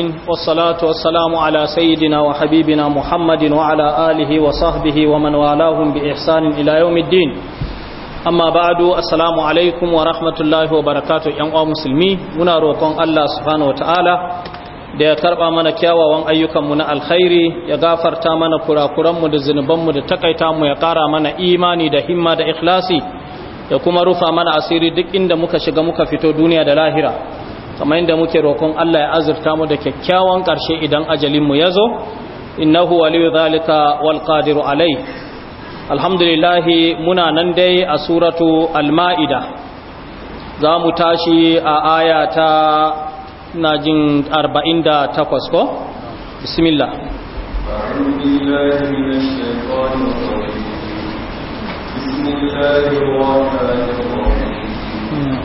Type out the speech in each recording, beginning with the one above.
والصلاة والسلام على سيدنا وحبيبنا محمد وعلى آله وصحبه ومن والاهم بإحسان إلى يوم الدين أما بعد السلام عليكم ورحمة الله وبركاته يا مسلمي muna roƙon Allah subhanahu da ya karɓa mana kyawawan ayyukanmu na alkhairi ya gafarta mana kurakuranmu da zunubanmu da takaita mu ya ƙara mana imani da himma da ikhlasi ya kuma rufa mana asiri duk inda muka shiga muka fito duniya da lahira kamar da muke roƙon Allah ya azurta mu da kyakkyawan ƙarshe idan ajalin mu yazo innahu waliyu zalika wal qadiru alai alhamdulillahi muna nan dai a suratu al-maida za mu tashi a aya ta na jin 48 ko bismillah بسم الله الرحمن الرحيم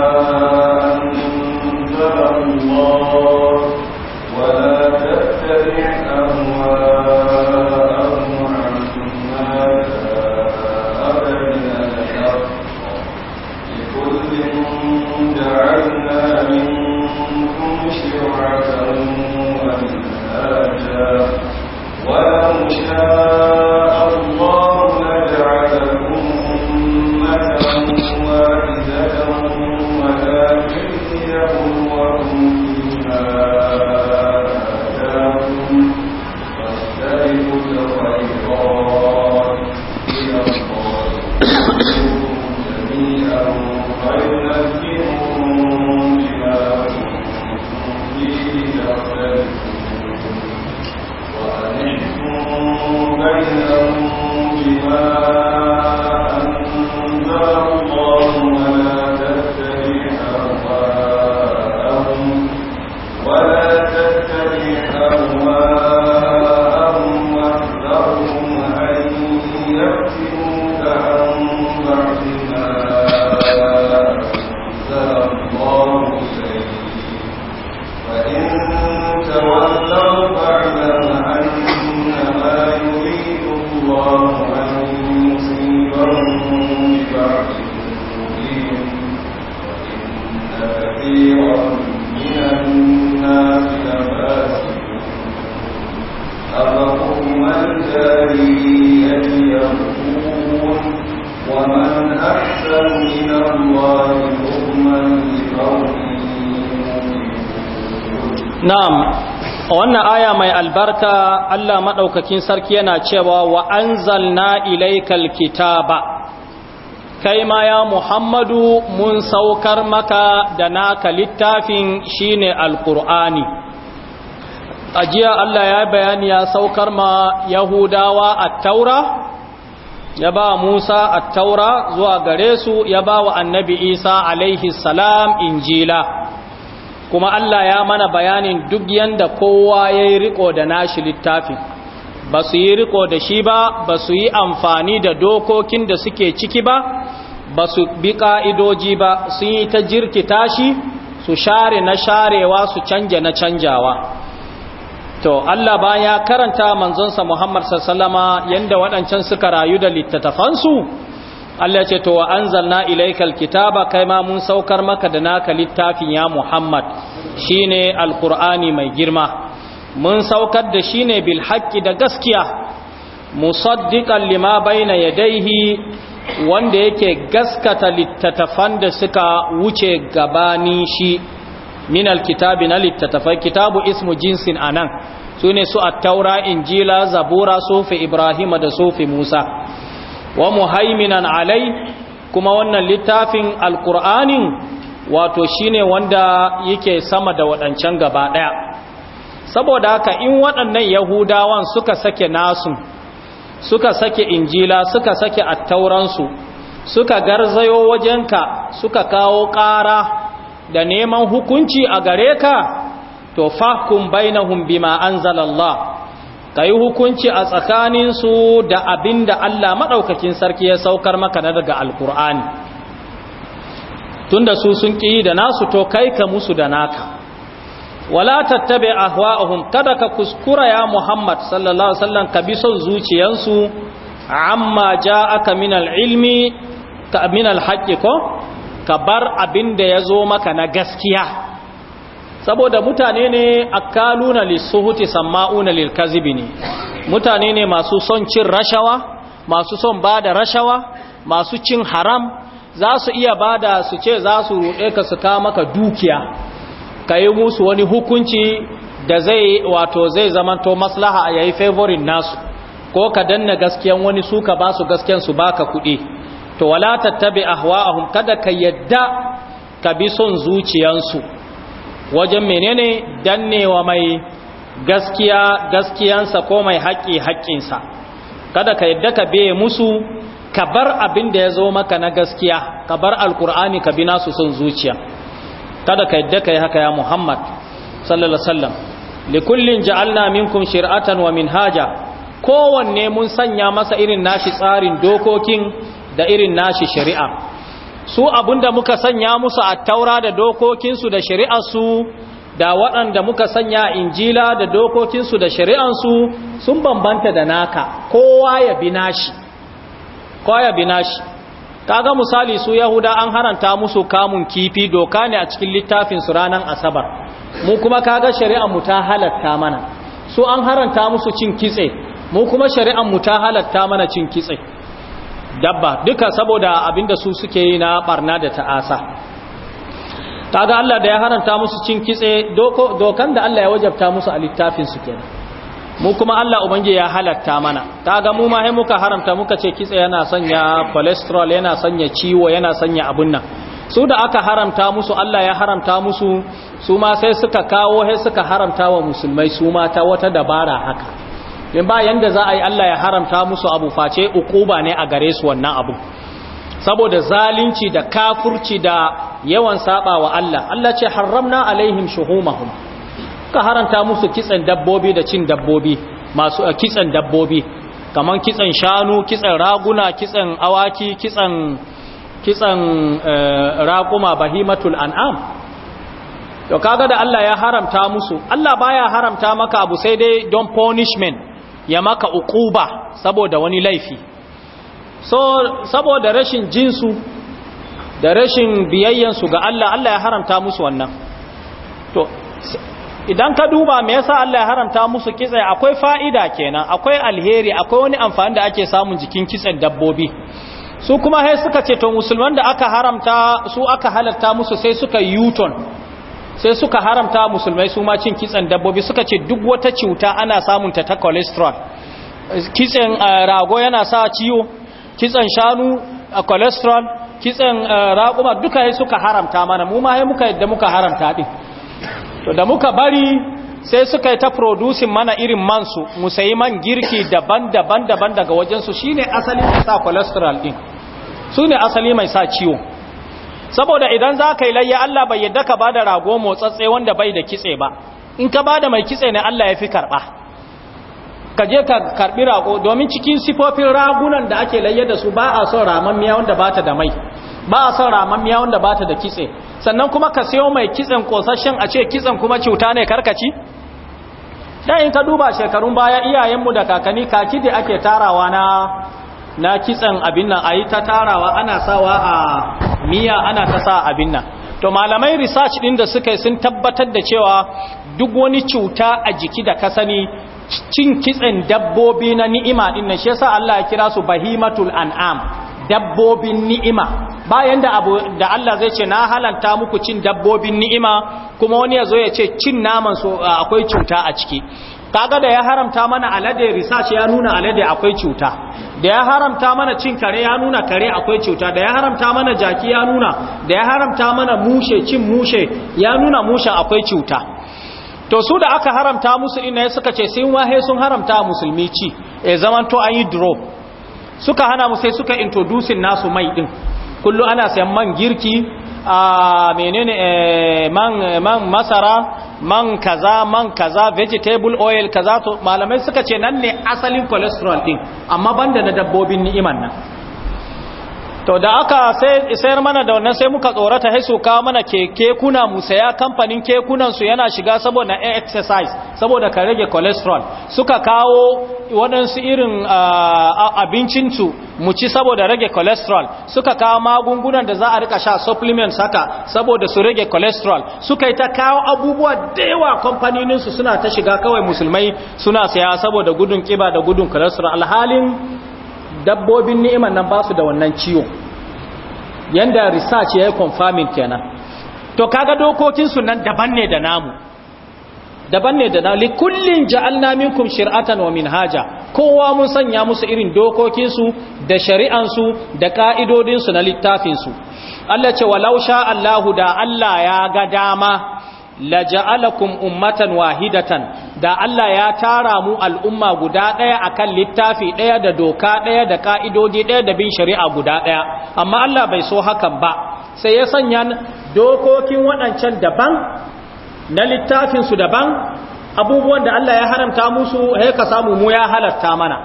albarka Allah maɗaukakin sarki yana cewa wa anzalna ilaikal kitaba kai ma ya Muhammadu mun saukar maka da naka littafin shine alqur'ani ajiya Allah ya bayani ya saukar ma Yahudawa at-Taura ya ba Musa at-Taura zuwa gare su ya ba wa Annabi Isa alaihi salam injila kuma Allah ya mana bayanin duk yanda kowa ya yi riko da nashi littafi, ba su yi riko da shi ba ba su yi amfani da dokokin da suke ciki ba ba su bi ƙa'idoji ba sun yi ta jirkita shi su share na sharewa su canja na canjawa to Allah ba ya karanta manzonsa Muhammad sallama yanda waɗancan suka rayu da littattafansu Allah ce to wa anzalna ilaikal kitaba kai ma mun saukar maka da naka littafin ya Muhammad shine alqur'ani mai girma mun saukar da shine bil haqqi da gaskiya musaddiqan lima bayna yadayhi wanda yake gaskata littatafan da suka wuce gabanin shi min alkitabi na littatafai kitabu ismu jinsin anan sune su at-taura injila zabura sufi ibrahima da sufi musa wa muhaiminan alai kuma wannan littafin alkur'anin wato shine wanda yake sama da waɗancan gaba ɗaya saboda haka in waɗannan yahudawan suka sake nasu suka sake injila suka sake attauransu suka garzayo wajenka suka kawo ƙara da neman hukunci a gare ka to fahkum bainahum bima anzalallah ka yi hukunci a tsakaninsu da abin da Allah maɗaukakin sarki ya saukar maka na daga alkur'ani tunda su sun ƙi da nasu to kai ka musu da naka wala tattabe ahwa'ahum kada ka kuskura ya Muhammad sallallahu alaihi ka bi son zuciyansu amma ja min al-ilmi ka min al ko ka bar abin da ya zo maka na gaskiya saboda mutane ne a akaluna lissuhuti samma'una lilkazibi ne mutane ne masu son cin rashawa masu son ba da rashawa masu cin haram za su iya ba da su ce za su ruɗe ka su ka maka dukiya ka yi musu wani hukunci da zai wato zai to maslaha a yayi favorin nasu ko ka danna gaskiyan wani suka ba su gaskiyan su ka kuɗi to wala tattabi ahwa'ahum kada ka yadda ka bi son zuciyansu wajen menene dannewa mai gaskiya gaskiyansa ko mai haƙƙi haƙƙinsa kada ka yadda ka biye musu ka bar abin da ya zo maka na gaskiya ka bar alkur'ani ka bi nasu son zuciya kada ka yadda ka yi haka ya muhammad sallallahu alaihi wasallam likullin ja'alna minkum shir'atan wa minhaja kowanne mun sanya masa irin nashi tsarin dokokin da irin nashi shari'a su abinda muka sanya musu a taura da dokokinsu da shari'arsu da waɗanda muka sanya injila da dokokinsu da shari'ansu sun bambanta da naka kowa ya bi nashi kowa ya bi nashi kaga misali su yahuda an haranta musu kamun kifi doka ne a cikin littafinsu ranar asabar mu kuma kaga shari'ar mu ta halatta mana su an haranta musu cin kitse mu kuma shari'ar mu ta halatta mana cin kitse dabba duka saboda abinda su suke yi na barna da ta'asa kaga Allah da ya haranta musu cin kitse dokan da Allah ya wajabta musu a littafin su kenan mu kuma Allah ubangiji ya halatta mana kaga mu ma he muka haramta muka ce kitse yana sanya cholesterol yana sanya ciwo yana sanya abun nan su da aka haramta musu Allah ya haramta musu su ma sai suka kawo sai suka haramta wa musulmai su ma ta wata dabara haka in ba yanda za a yi Allah ya haramta musu abu face ukuba ne a gare su wannan abu saboda zalunci da kafurci da yawan saba wa Allah Allah ce haramna alaihim shuhumahum ka haranta musu kitsen dabbobi da cin dabbobi masu eh, kitsen dabbobi kamar kitsen shanu kitsen raguna kitsen awaki kitsen kitsen eh, raquma bahimatul an'am to kaga da Allah ya haramta musu Allah baya haramta maka abu sai dai don punishment ya maka uquba saboda wani laifi so saboda rashin jinsu da rashin biyayyansu ga Allah Allah ya haramta musu wannan to idan ka duba me yasa Allah ya haramta musu kitse akwai fa'ida kenan akwai alheri akwai wani amfani da ake samun jikin kitsen dabbobi su kuma sai suka ce to musulman da aka haramta su aka halarta musu sai suka yuton sai suka haramta musulmai su ma cin kitsen dabbobi suka ce duk wata cuta ana samunta ta cholesterol kitsen eh, rago yana sa ciwo kitsen shanu eh, cholesterol kitsen eh, raguma duka sai suka haramta mana mu ma sai muka yadda muka haramta din to da muka bari sai suka ta producing mana irin mansu mu sayi man girki daban-daban daban daga wajensu shine asali mai sa cholesterol din su ne asali mai sa ciwo saboda idan za ka yi layya Allah bai yadda ka ba da rago motsatse wanda bai da kitse ba in ka ba da mai kitse ne Allah ya fi karɓa ka je ka karɓi rago domin cikin sifofin ragunan da ake layya da su ba a son ramammiya wanda ba ta da mai ba a son ramammiya wanda ba ta da kitse sannan kuma ka siyo mai kitsen ƙosashen a ce kitsen kuma cuta ne karkaci da in ka duba shekarun baya iyayenmu da kakanni kaki da ake tarawa na na kitsan abin nan a yi ta tarawa ana sawa a miya ana ta sa abin nan to malamai research din da suka yi sun tabbatar da cewa duk wani cuta a jiki da kasani cin kitsen dabbobi na ni'ima din nan shi yasa Allah ya kira su bahimatul an'am dabbobin ni'ima bayan da abu da Allah zai ce na halanta muku cin dabbobin ni'ima kuma wani ya zo ya ce cin naman su akwai cuta a ciki kaga da ya haramta mana alade research ya nuna alade akwai cuta da ya haramta mana cin kare ya nuna kare akwai cuta da ya haramta mana jaki ya nuna da ya haramta mana mushe cin mushe ya nuna mushe akwai cuta to su da aka haramta musu ya suka ce sun wahe sun haramta musulmi ci e eh, zaman to an yi suka hana mu sai suka introducing nasu mai din kullu ana sayan man girki a ah, menene eh, man eh, man masara man kaza man kaza vegetable oil kaza to malamai suka ce nan ne asalin cholesterol din amma banda na dabbobin ni'iman nan to da aka sayar mana da wannan sai muka tsorata sai su kawo mana keke kuna mu saya kamfanin kekunan su yana shiga saboda exercise saboda ka rage cholesterol suka kawo waɗansu irin abincin su mu ci saboda rage cholesterol suka kawo magungunan da za a rika sha supplements haka saboda su rage cholesterol suka yi ta kawo abubuwa da yawa kamfaninin su suna ta shiga kawai musulmai suna saya saboda gudun kiba da gudun cholesterol alhalin dabbobin ni'iman nan ba su da wannan ciwo yanda research ya yi confirming kenan to kaga dokokinsu nan daban ne da namu daban ne da na kullin ja'alna minkum shir'atan wa minhaja kowa mun sanya musu irin dokokinsu da shari'an su da ƙa'idodinsu na littafinsu Allah ce walau sha Allahu da Allah ya ga dama la laja'alakum ummatan wahidatan da Allah ya tara mu al'umma guda ɗaya akan littafi ɗaya da doka ɗaya da ƙa'idodi ɗaya da bin shari'a guda ɗaya amma Allah bai so hakan ba sai ya sanya dokokin waɗancan daban na littafinsu daban abubuwan da Allah ya haramta musu ya ka samu mu ya halarta mana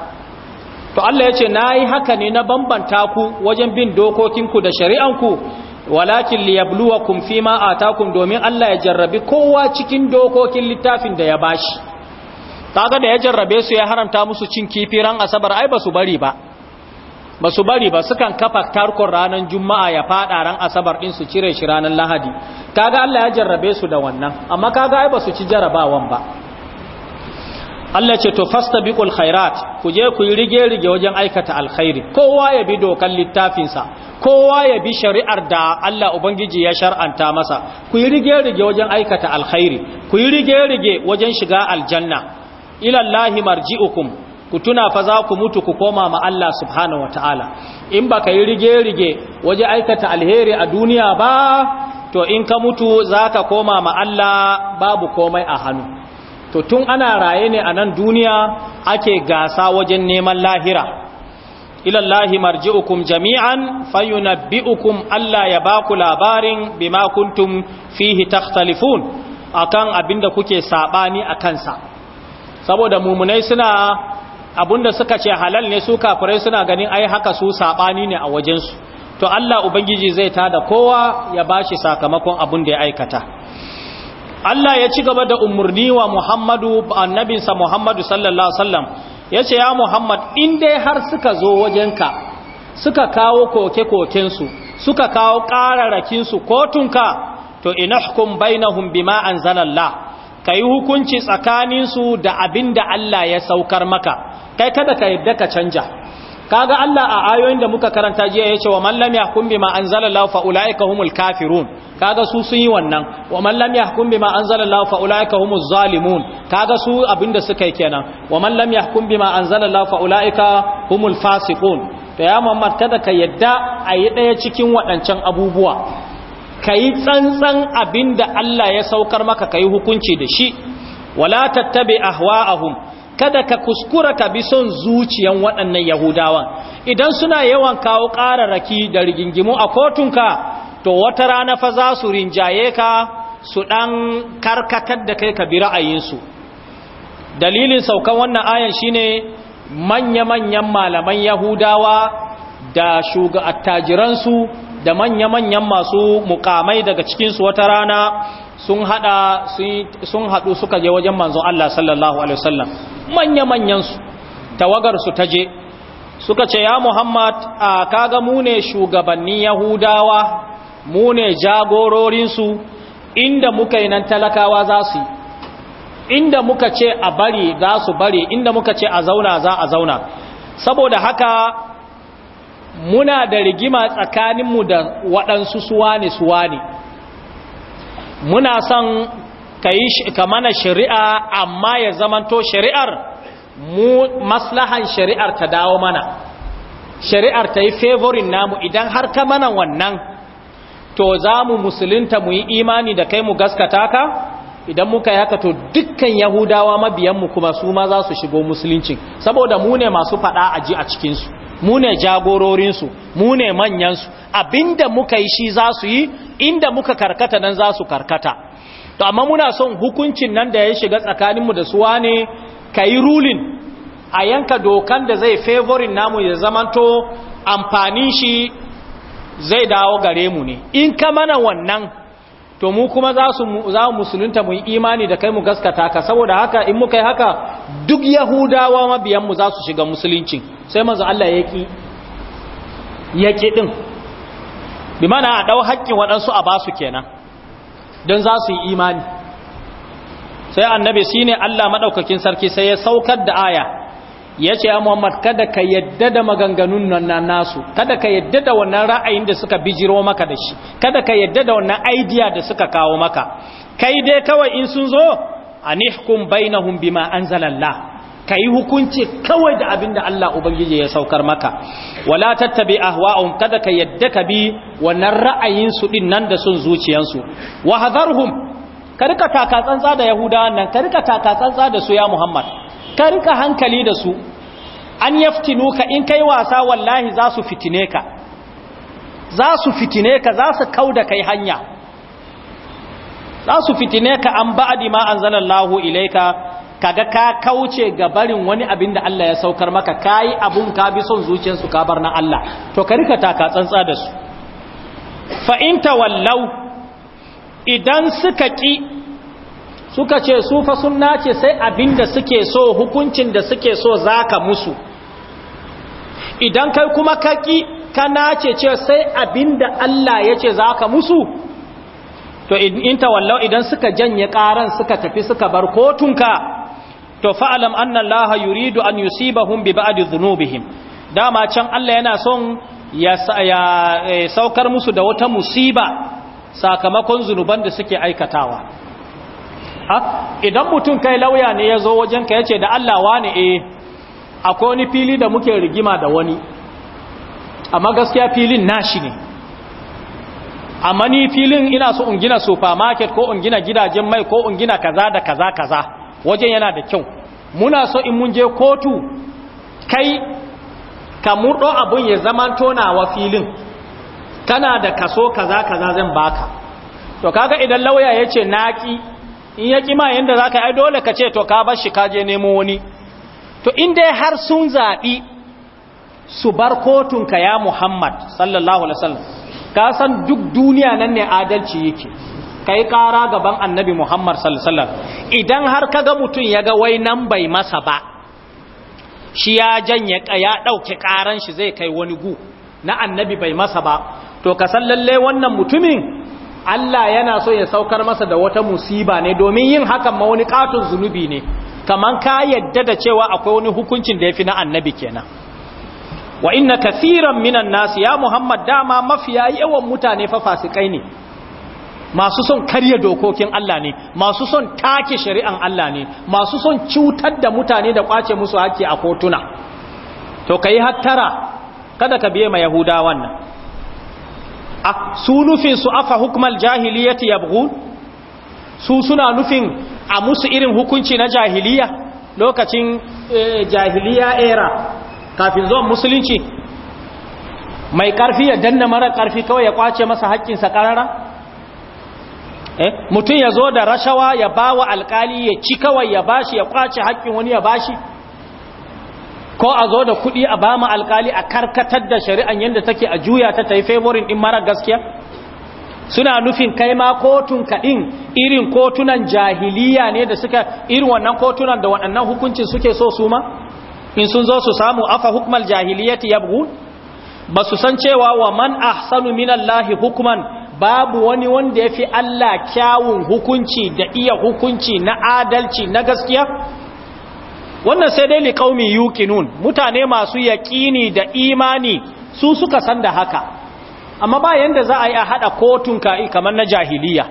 to Allah ya ce na yi haka ne na bambanta ku wajen bin dokokinku da shari'anku walakin ma a takun domin Allah ya jarrabi kowa cikin dokokin littafin da ya bashi kaga da ya jarrabe su ya haramta musu cin kifi ran asabar ai basu bari ba basu bari ba sukan kafa tarkon ranar juma'a ya fada ran asabar din su cire shi ranar lahadi kaga Allah ya jarrabe su da wannan amma kaga ai basu ci jarabawan ba Allah ce to fastabiqul khairat ku je ku yi rige rige wajen aikata alkhairi kowa ya bi dokan littafinsa kowa ya bi shari'ar da Allah ubangiji ya shar'anta masa ku yi rige rige wajen aikata alkhairi ku yi rige rige wajen shiga aljanna ila Allahi marji'ukum ku tuna fa za ku mutu ku koma ma Allah subhanahu wataala in baka yi rige rige waje aikata alheri a duniya ba to in ka mutu zaka koma ma Allah babu komai a hannu to tun ana raye ne a nan duniya ake gasa wajen neman lahira ilallahi marji'ukum jami'an fayunabbi'ukum Allah ya baku labarin bima kuntum fihi takhtalifun akan abinda kuke sabani akan sa saboda mumunai suna abinda suka ce halal ne su kafirai suna ganin ai haka su sabani ne a wajensu to Allah ubangiji zai tada kowa ya bashi sakamakon da ya aikata Allah ya ci gaba da umarni wa Muhammadu annabinsa Muhammadu sallallahu alaihi wasallam yace ya Muhammad in dai har suka zo wajenka suka kawo koke-koken su suka kawo kararrakin su kotunka to inahkum bainahum bima anzalallah kai hukunci tsakanin su da abinda Allah ya saukar maka kai kada ka yadda ka canja kaga Allah a ayoyin da muka karanta jiya yace wa man lam yahkum bima anzalallahu fa ulaika humul kafirun kaga su sun yi wannan wa man lam yahkum bima anzalallahu fa ulaika humuz zalimun kaga su abinda suka yi kenan wa man lam yahkum bima anzalallahu fa ulaika humul fasiqun to ya Muhammad kada ka yadda yi daya cikin waɗancan abubuwa kai tsantsan abinda Allah ya saukar maka kai hukunci da shi wala tattabi ahwa'ahum kada ka kuskura ka bi son zuciyan waɗannan yahudawan idan suna yawan kawo ƙararraki da rigingimu a kotunka to wata rana fa za su rinjaye ka su ɗan karkatar da kai ka bi ra'ayinsu dalilin saukan wannan ayan shine manya-manyan malaman yahudawa da shuga attajiransu da manya-manyan masu mukamai daga cikinsu wata rana sun hada sun hadu suka je wajen manzon Allah sallallahu alaihi wasallam manya manyan su tawagar su taje suka ce ya Muhammad kaga mu ne shugabannin Yahudawa mu ne jagororin su inda muka yi nan talakawa za su inda muka ce a bari za su bari inda muka ce a zauna za a zauna saboda haka muna da rigima tsakaninmu da waɗansu suwane suwane muna son ka mana shari'a amma ya zamanto shari'ar mu maslahan shari'ar ta dawo mana shari'ar ta yi favorin namu idan har ka mana wannan to za mu musulunta mu yi imani da kai mu gaskata ka idan muka yi haka to dukkan yahudawa mabiyanmu kuma su ma za su shigo musuluncin saboda mu ne masu faɗa ji a cikinsu mu ne jagororinsu mu ne manyansu abinda muka yi shi za su yi inda muka karkata nan za su karkata to amma muna son hukuncin nan da ya shiga tsakaninmu da suwa ne ka yi rulin a yanka dokan da zai favorin namu ya zamanto amfanin shi zai dawo gare mu ne in ka mana wannan to mu kuma za su musulunta mu imani da kai mu gaskata ka saboda haka in muka yi haka duk yahudawa mabiyanmu za su shiga musuluncin sai manzo Allah ya ki ya ki din bi mana a dau hakkin waɗansu a basu kenan don za su yi imani sai annabi shine Allah madaukakin sarki sai ya saukar da aya ya ce ya Muhammad kada ka yadda da maganganun nan nasu kada ka yadda da wannan ra'ayin da suka bijiro maka da shi kada ka yadda da wannan idea da suka kawo maka kai dai kawai in sun zo anihkum bainahum bima anzalallah ka yi hukunci kawai da abin da Allah Ubangiji ya saukar maka wala tattabi ahwa'un kada ka yadda ka bi wannan ra'ayin su din nan da sun zuciyansu wa hadharhum ka rika taka tsantsa da yahudawan nan ka rika taka tsantsa da su ya Muhammad ka rika hankali da su an yaftinuka in kai wasa wallahi za su fitine ka za su fitine ka za su kauda kai hanya za su fitine ka an ba'di ma anzalallahu ilaika kaga ka kauce ga barin wani abin da Allah ya saukar maka kayi abun ka bi son zuciyarsu ka bar na Allah to ka rika taka tsantsa da su fa in tawallau idan suka ki suka ce su fa sunna ce sai abin da suke so hukuncin da suke so zaka musu idan kai kuma ka ki ka nace ce sai abin da Allah ya ce zaka musu to in tawallau idan suka janye karan suka tafi suka bar kotunka to fa'alam anna Allah yuridu an yusibahum bi ba'di dhunubihim dama can Allah yana son ya eh, saukar musu da wata musiba sakamakon zunuban da suke aikatawa idan mutum kai lauya ne ya zo wajenka ya ce da Allah wani e eh, akwai wani fili da muke rigima da wani amma gaskiya filin nashi ne amma ni filin ina so in gina supermarket ko in gina gidajen mai ko in gina kaza da kaza kaza wajen yana da kyau muna so in mun je kotu kai ka murdo abun ya zama tonawa filin tana da kaso kaza kaza zan baka to kaga idan lauya yace naki in ya kima yanda zaka ai dole ka ce to ka bar shi ka je nemo wani to in dai har sun zabi su bar kotun ka ya Muhammad sallallahu alaihi wasallam ka san duk duniya nan ne adalci yake kai kara gaban annabi Muhammad sallallahu alaihi wasallam idan har kaga mutun yaga wai nan bai masa ba shi ya janye ya dauke ƙaran shi zai kai wani gu na annabi bai masa ba to ka san lalle wannan mutumin Allah yana so ya saukar masa da wata musiba ne domin yin hakan ma wani katun zunubi ne kaman ka yadda da cewa akwai wani hukuncin da ya fi na annabi kenan wa inna kathiran minan nasu ya muhammad dama mafiya yawan mutane fa fasikai ne masu son karya dokokin Allah ne masu son take shari'an Allah ne masu son cutar da mutane da kwace musu haƙƙi a kotuna to kai hattara kada ka biye ma yahuda wannan a su nufin su afa hukmal jahiliyati yabghun su suna nufin a musu irin hukunci na jahiliya lokacin eh, jahiliya era kafin zuwan musulunci mai karfi ya danna mara karfi kawai ya kwace masa haƙƙinsa ƙarara Eh, mutum ya zo da rashawa ya ba wa alkali ya ci kawai ya bashi ya kwace haƙƙin wani ya bashi ko a zo da kuɗi a ba mu alkali a karkatar da shari'an yadda take a juya ta ta yi favorin ɗin mara gaskiya suna nufin kai ma kotun kaɗin irin kotunan jahiliya ne da suka irin wannan kotunan da waɗannan hukuncin suke so su ma in sun zo su samu afa hukmal jahiliyati yabghun ba su san cewa wa man ahsanu minallahi hukman babu wani wanda ya fi Allah kyawun hukunci da iya hukunci na adalci na gaskiya wannan sai dai liƙaumi yukinun mutane masu yaƙini da imani su suka san da haka amma ba yanda za a yi a haɗa kotun ka'i kamar na jahiliya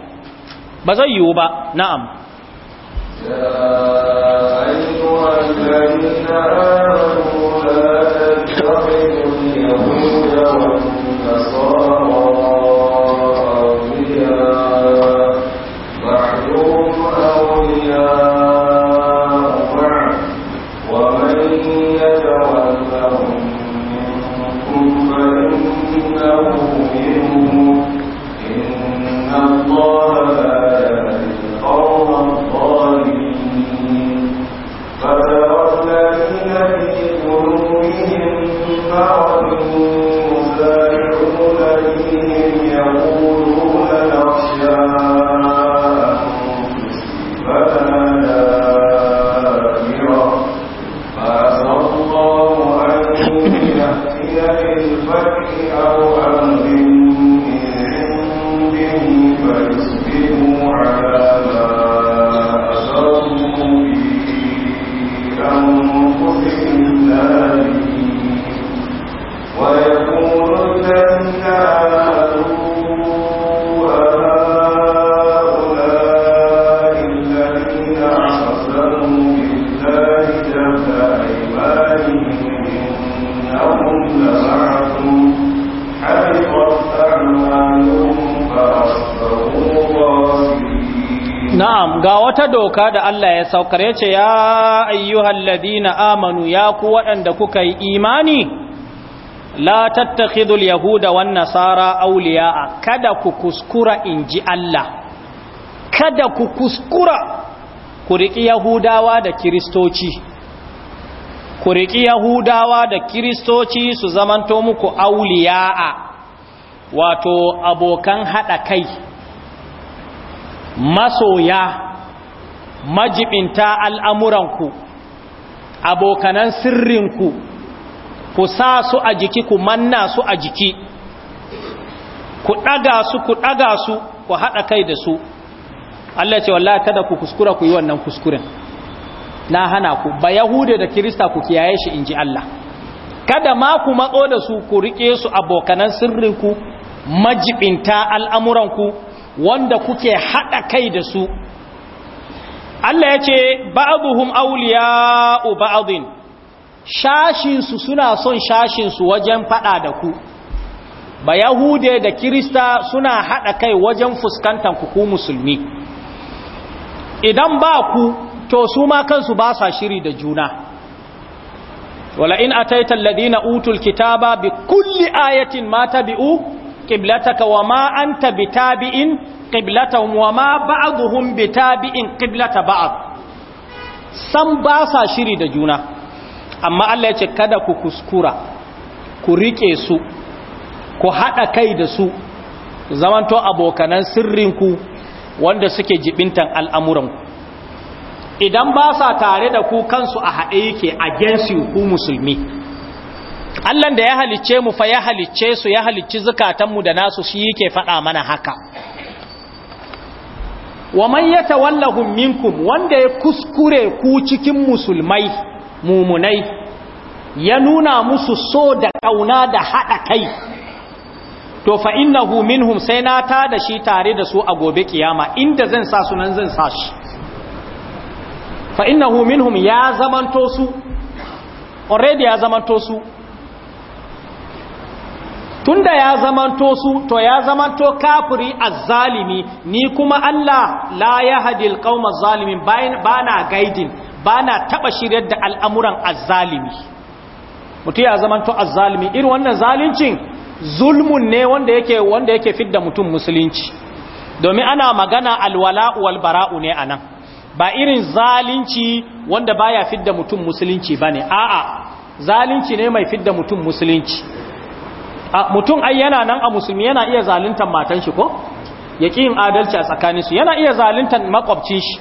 ba zai yiwu ba na'am يا doka da Allah ya saukar ya ce ya ayyuhal ladina amanu ya ku waɗanda kuka yi imani la tattakhidul yahuda wan nasara awliya'a kada ku kuskura inji Allah kada ku kuskura ku riki yahudawa da kristoci ku riki yahudawa da kristoci su zamanto muku awliya'a wato abokan hada kai masoya majibinta al'amuranku abokanan sirrinku ku sa su a jiki ku manna su a jiki ku ɗaga su ku ɗaga su ku haɗa kai da su Allah ce wallahi kada ku kuskura ku yi wannan kuskuren na hana ku ba yahude da kirista ku kiyaye shi in ji Allah kada ma ku matso da su ku riƙe su abokanan sirrinku majibinta al'amuranku wanda kuke haɗa kai da su Allah ya ce ba'aduhum u ba'adin shashinsu suna son shashinsu wajen fada da ku ba yahude da kirista suna hada kai wajen fuskantar ku ku musulmi idan ba ku to su ma kansu ba sa shiri da juna wala in ataita alladhina utul kitaba bi kulli ayatin ma tabi'u qiblataka wa ma anta bitabi'in qiblatahum wa ma ba'dhum tabi'in qiblata ba'd san ba sa shiri da juna amma Allah ya ce kada ku kuskura ku rike su ku hada kai da su zamanto abokanan sirrinku wanda suke jibintan al'amuranku idan ba sa tare da ku kansu a haɗe yake against you ku musulmi Allah da ya halicce mu fa ya halicce su ya halicci zukatanmu da nasu shi yake faɗa mana haka wa man yatawallahum minkum wanda ya kuskure ku cikin musulmai mumunai ya nuna musu so da kauna da haɗa kai to fa innahu minhum sai na ta da shi tare da su a gobe kiyama inda zan sa sunan zan sa shi fa innahu minhum ya zamanto su already ya zamanto su tunda ya zamanto su to ya zamanto kafiri azzalimi ni kuma Allah la yahdil qauma zalimin bana guiding bana taba shiryar da al'amuran azzalimi mutu ya zamanto azzalimi irin wannan zalincin zulmun ne wanda yake wanda yake fidda mutum musulunci domin ana magana alwala'u wal bara'u ne anan ba irin zalunci wanda baya fidda mutum musulunci bane a'a zalunci ne mai fidda mutum musulunci a mutum ai yana nan a musulmi yana iya zaluntar matan shi ko ya yin adalci a tsakanin su yana iya zaluntar makwabcin shi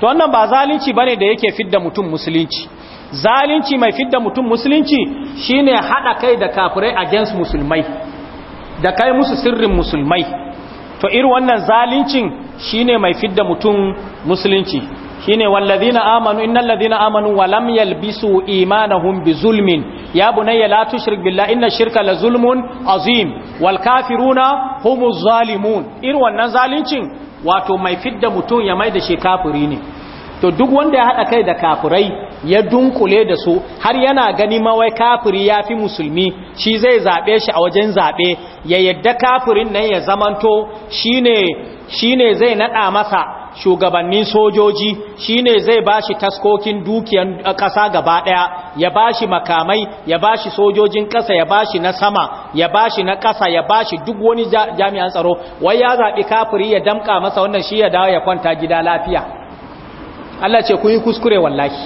to wannan ba zalunci bane da yake fidda mutum musulunci zalunci mai fidda mutum musulunci shine hada kai da kafirai against musulmai da kai musu sirrin musulmai to irin wannan zaluncin shine mai fidda mutum musulunci shine walladhina amanu innal ladhina amanu wa lam yalbisu imanahum bizulmin ya bunayya la tushrik billahi inna shirka la zulmun azim wal kafiruna humuz zalimun irin wannan zalincin wato mai fidda mutum ya mai da shi kafiri ne to duk wanda ya hada kai da kafirai ya dunkule da su har yana gani mawai kafiri ya fi musulmi shi zai zaɓe shi a wajen zaɓe ya yadda kafirin nan ya zamanto shine shine zai nada masa shugabannin sojoji shine zai bashi taskokin dukiyan ƙasa gaba ɗaya ya bashi makamai ya bashi sojojin ƙasa ya bashi na sama ya bashi na kasa ya bashi duk wani jami'an tsaro wai ya zaɓi kafiri ya damƙa masa wannan shi ya dawo ya kwanta gida lafiya Allah ce ku yi kuskure wallahi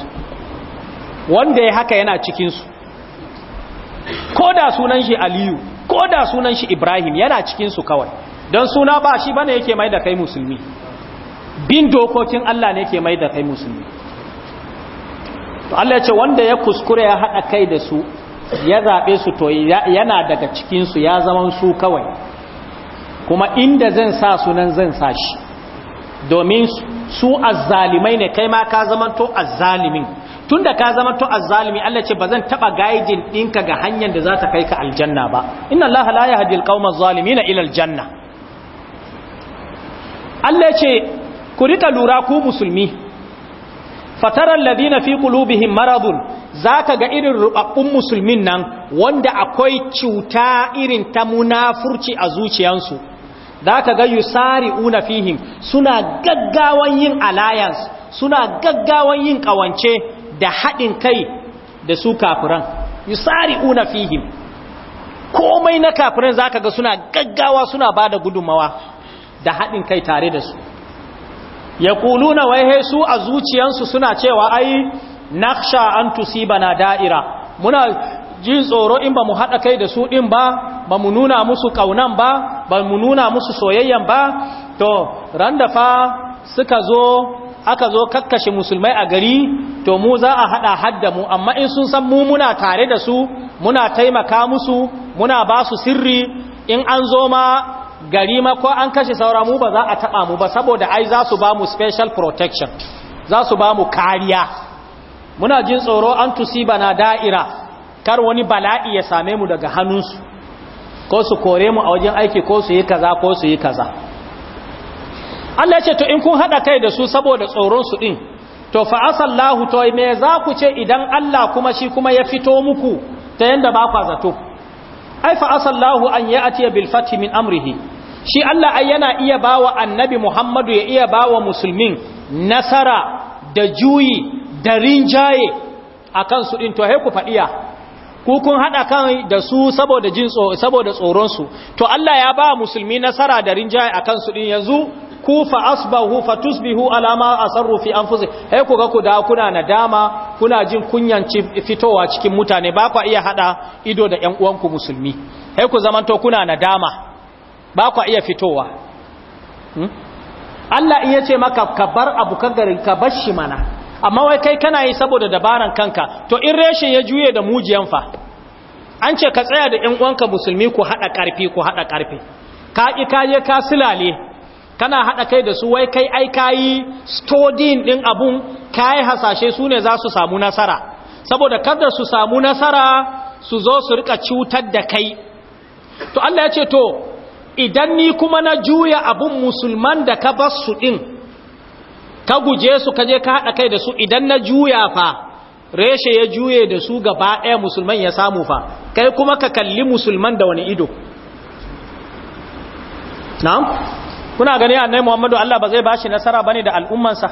wanda ya haka yana cikinsu ko da sunan shi aliyu ko da sunan shi ibrahim yana cikinsu kawai don suna ba shi bane yake mai da kai musulmi bin dokokin Allah ne ke mai da kai musulmi to Allah ya ce wanda ya kuskure ya haɗa kai da su ya zaɓe su to yana daga cikinsu ya zaman su kawai kuma inda zan sa sunan zan sa shi domin su azzalimai ne kai ma ka zamanto azzalimin tunda ka zamanto azzalimi Allah ce ba zan taɓa gaijin ɗinka ga hanyar da za ta kai ka aljanna ba inna Allah la yahdi alqawma zalimi na ila aljanna Allah ce ku rika lura ku musulmi fatarar ladina fi qulubihim maradun zaka ga irin rubabbun musulmin nan wanda akwai cuta irin ta munafurci a zuciyansu zaka ga una fihim suna gaggawan yin alliance suna gaggawan yin kawance da haɗin kai da su kafiran una fihim komai na kafiran zaka ga suna gaggawa suna bada gudunmawa da haɗin kai tare da su ya kuluna wai su a zuciyansu suna cewa ai naksha an na da'ira muna jin tsoro in ba mu haɗa kai da su ɗin ba ba mu nuna musu ƙaunan ba ba mu nuna musu soyayyan ba to ran da fa suka zo aka zo kakkashe musulmai a gari to mu za a haɗa hadda mu amma in sun san mu muna tare da su muna taimaka musu muna ba su sirri in an zo ma gari ma ko an kashe saura mu ba za a taɓa mu ba saboda ai za su ba mu special protection za su ba mu kariya muna jin tsoro an tusiba na da'ira kar wani bala'i ya same mu daga hannunsu ko su kore mu a wajen aiki ko su yi kaza ko su yi kaza Allah ya ce to in kun haɗa kai da su saboda tsoron su ɗin to fa'asallahu to me za ku ce idan Allah kuma shi kuma ya fito muku ta yanda ba kwa zato ai fa'asallahu an ya'ati bil bilfati min amrihi shi Allah ai yana iya bawa annabi Muhammadu ya iya bawa musulmin nasara da juyi da rinjaye a kansu ɗin to haiku faɗiya ku kun haɗa kan da su saboda jin saboda su to Allah ya ba musulmi nasara da rinjaye a kansu ɗin yanzu ku fa asbahu fa tusbihu alama asarru fi anfusih hey ku ga ku da kuna nadama kuna jin kunyan fitowa cikin mutane ba ku iya hada ido da yan uwanku musulmi hey ku zamanto kuna nadama ba kwa iya fitowa hmm? Allah in yace maka ka bar abu ka garin ka bar shi mana amma wai kai kana yi saboda dabaran kanka to in reshin ya juye da mujiyan fa an ce ka tsaya da ƴan uwanka musulmi ku hada karfi ku hada karfi ka ki kaje ka silale kana hada kai da su wai kai ai kayi studying din abun kai hasashe su ne za su samu nasara saboda kada su samu nasara su zo su rika cutar da kai to Allah ya ce to idan ni kuma na juya abun musulman da ka bas su ɗin ka guje su ka je ka haɗa kai da su idan na juya fa reshe ya juye da su gaba ɗaya musulman ya samu fa kai kuma ka kalli musulman da wani ido na'am kuna gani annai muhammadu Allah ba zai bashi nasara bane da al'ummansa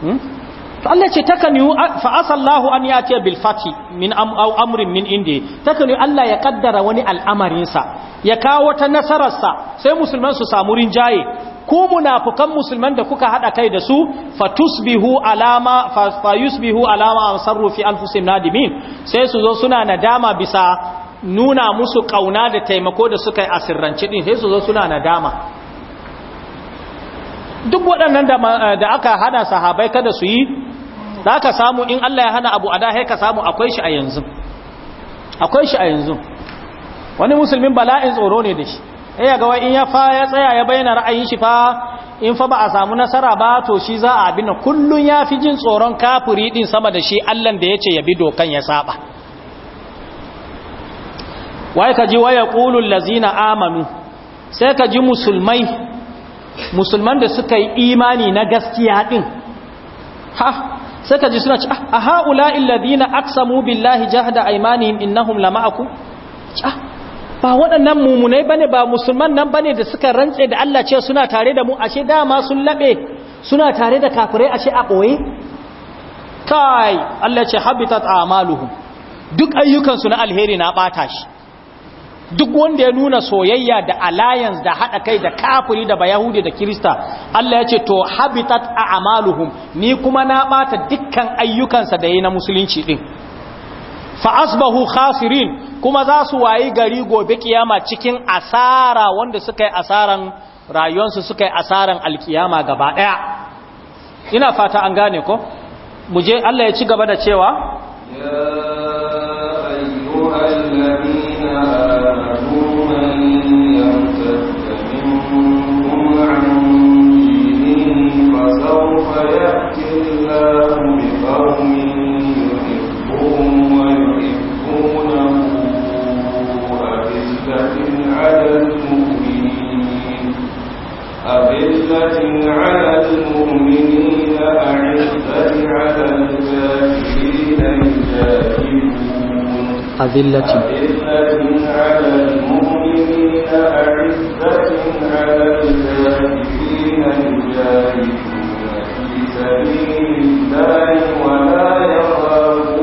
hmm? to Allah ce takan yu fa asallahu an yati bil fati min am aw amrin min indi takan Allah ya kaddara wani al'amarinsa ya kawo wata nasararsa sai musulman su samu rinjaye ku munafukan musulman da kuka hada kai da su fatusbihu alama fa yusbihu alama an sarrufi anfusim nadimin sai su zo suna nadama bisa nuna musu kauna da taimako da suka yi asirrance din sai su zo suna nadama duk waɗannan eh, da aka hana sahabai kada su yi za ka samu in Allah ya hana abu a da ka samu akwai shi a yanzu akwai shi a yanzu wani musulmin bala'in tsoro ne da shi ya ga in ya fa ya tsaya ya bayyana ra'ayin shi fa in fa ba a samu nasara ba to shi za a abin kullun ya fi jin tsoron kafiri din sama da shi Allah da ya ce ya bi dokan ya saba wai ka ji waya qulul lazina amanu sai ka ji musulmai musulman da suka yi imani na gaskiya din ha suka ji suna ci ah, a ha'ula illazina aqsamu billahi jahda aymanihim innahum lama'akum ha ah, ba waɗannan mumunai bane ba musulman nan bane da suka rantse da Allah ce suna tare da mu ashe dama sun labe suna tare da kafirai ashe a boye kai Allah ce habitat a'maluhum duk ayyukansu na alheri na bata shi duk wanda ya nuna soyayya da alliance da haɗa kai da kafiri da bayahudi da kirista Allah ya ce to habitat a amaluhum ni kuma na ɓata dukkan ayyukansa da ya na musulunci Fa asbahu khasirin kuma za su wayi gari gobe kiyama cikin asara wanda suka yi asaran rayuwarsu suka yi asaran alkiyama gaba ɗaya ina fata an gane ko mu je Allah ya ci gaba da cewa أذلة على المؤمنين أعزة على الكافرين يجاهدون في سبيل الله ولا يخافون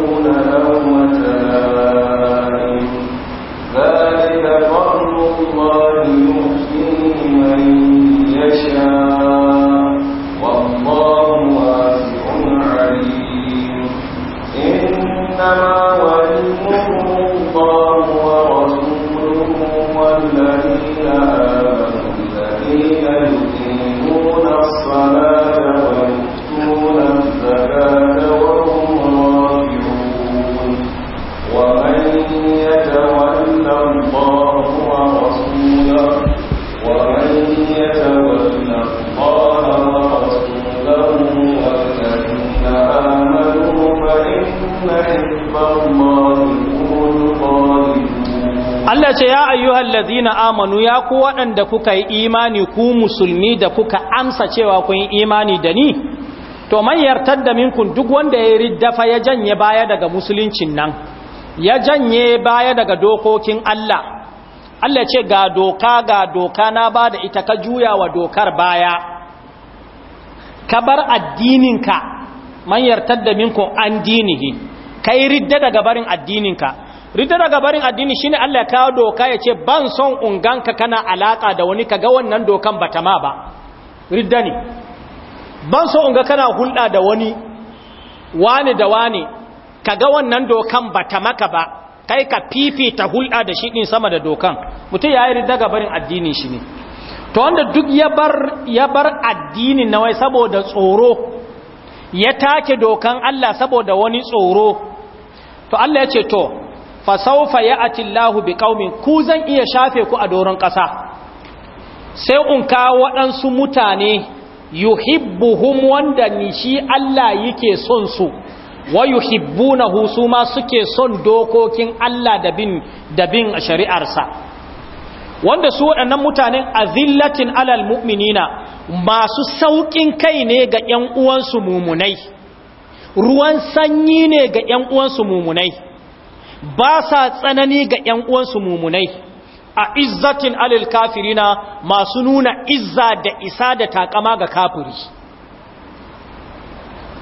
ce ya ayyuhal ladzina amanu ya ku waɗanda kuka yi imani ku musulmi da kuka amsa cewa kun yi imani da ni to man da minkun duk wanda ya riddafa ya janye baya daga musuluncin nan ya janye baya daga dokokin Allah Allah ce ga doka ga doka na ba da ita ka juya wa dokar baya ka bar addininka man da minkun an dinihi kai ridda daga barin addininka Ridda daga barin addini shine Allah ya kawo doka ya ce ban son unganka kana alaka da wani kaga wannan dokan bata ma ba ridda ne ban son unga kana hulɗa da wani wani da wani kaga wannan dokan bata maka ba kai ka fifita hulɗa da shi din sama da dokan mutum yayi ridda daga barin addini shi ne to wanda duk ya bar ya bar addinin na wai saboda tsoro ya take dokan Allah saboda wani tsoro to Allah ya ce to fasaufa ya atillahu bi ƙaumin ku zan iya shafe ku a doron ƙasa sai in kawo waɗansu mutane yuhibbuhum wanda shi Allah yake son su wa yuhibbunahu su ma suke son dokokin Allah da bin da shari'arsa wanda su waɗannan mutanen azillatin alal mu'minina masu sauƙin kai ne ga ƴan uwansu mumunai ruwan sanyi ne ga ƴan uwansu mumunai ba sa tsanani ga ‘yan uwansu mumunai a izzatin alil kafirina masu nuna izza da isa da takama ga kafiri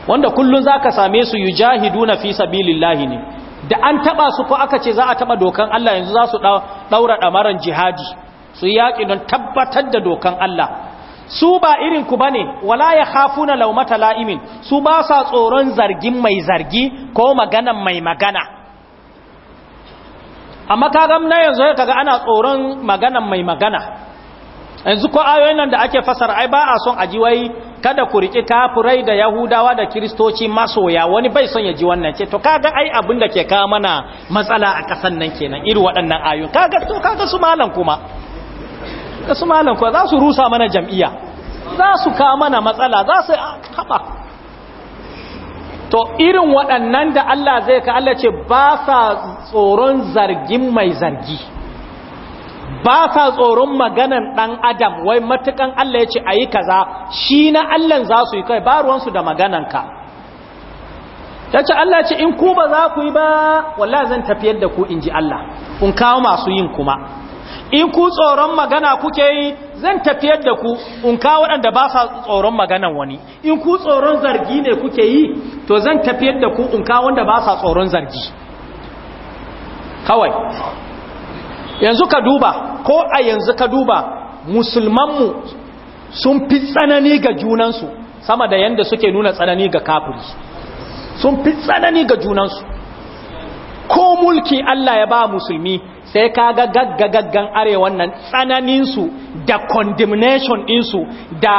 wanda kullum za ka same su yi jahidu na fi ne da an taba su ko aka ce za a taba dokan Allah yanzu za su daura damaran jihadi su yaƙi don tabbatar da dokan Allah su ba irin ku bane wala ya khafuna laumata la'imin su ba sa tsoron zargin mai zargi ko maganan mai magana amma kaga na yanzu ya kaga ana tsoron maganan mai magana yanzu ko ayoyin nan da ake fasara ai ba a son a ji wai kada ku riki kafurai da yahudawa da kiristoci masoya wani bai son ya ji wannan ce to kaga ai abin da ke kawo mana matsala a kasan nan kenan irin waɗannan ayoyin kaga to kaga su malam kuma ka su malam kuma za su rusa mana jam'iyya za su kawo mana matsala za su haɓa to irin waɗannan da Allah zai ka Allah ce ba sa tsoron zargin mai zargi ba sa tsoron maganan ɗan adam wai matukan Allah ya ce a yi kaza shi na allah za su yi kai ba ruwansu da magananka ta ce Allah ce in ku ba za ku yi ba wallah zan tafiyar da ku in ji Allah in kawo masu yin kuma in ku tsoron magana kuke yi zan tafiyar da ku in ka waɗanda ba sa tsoron magana wani in ku tsoron zargi ne kuke yi to zan tafiyar da ku in ka wanda ba sa tsoron zargi kawai yanzu ka duba ko a yanzu ka duba musulmanmu sun fi tsanani ga junansu sama da yanda suke nuna tsanani ga kafiri sun fi tsanani ga junansu ko mulki Allah ya ba musulmi sai kaga gagga gaggan arewan nan tsananin su da condemnation din su da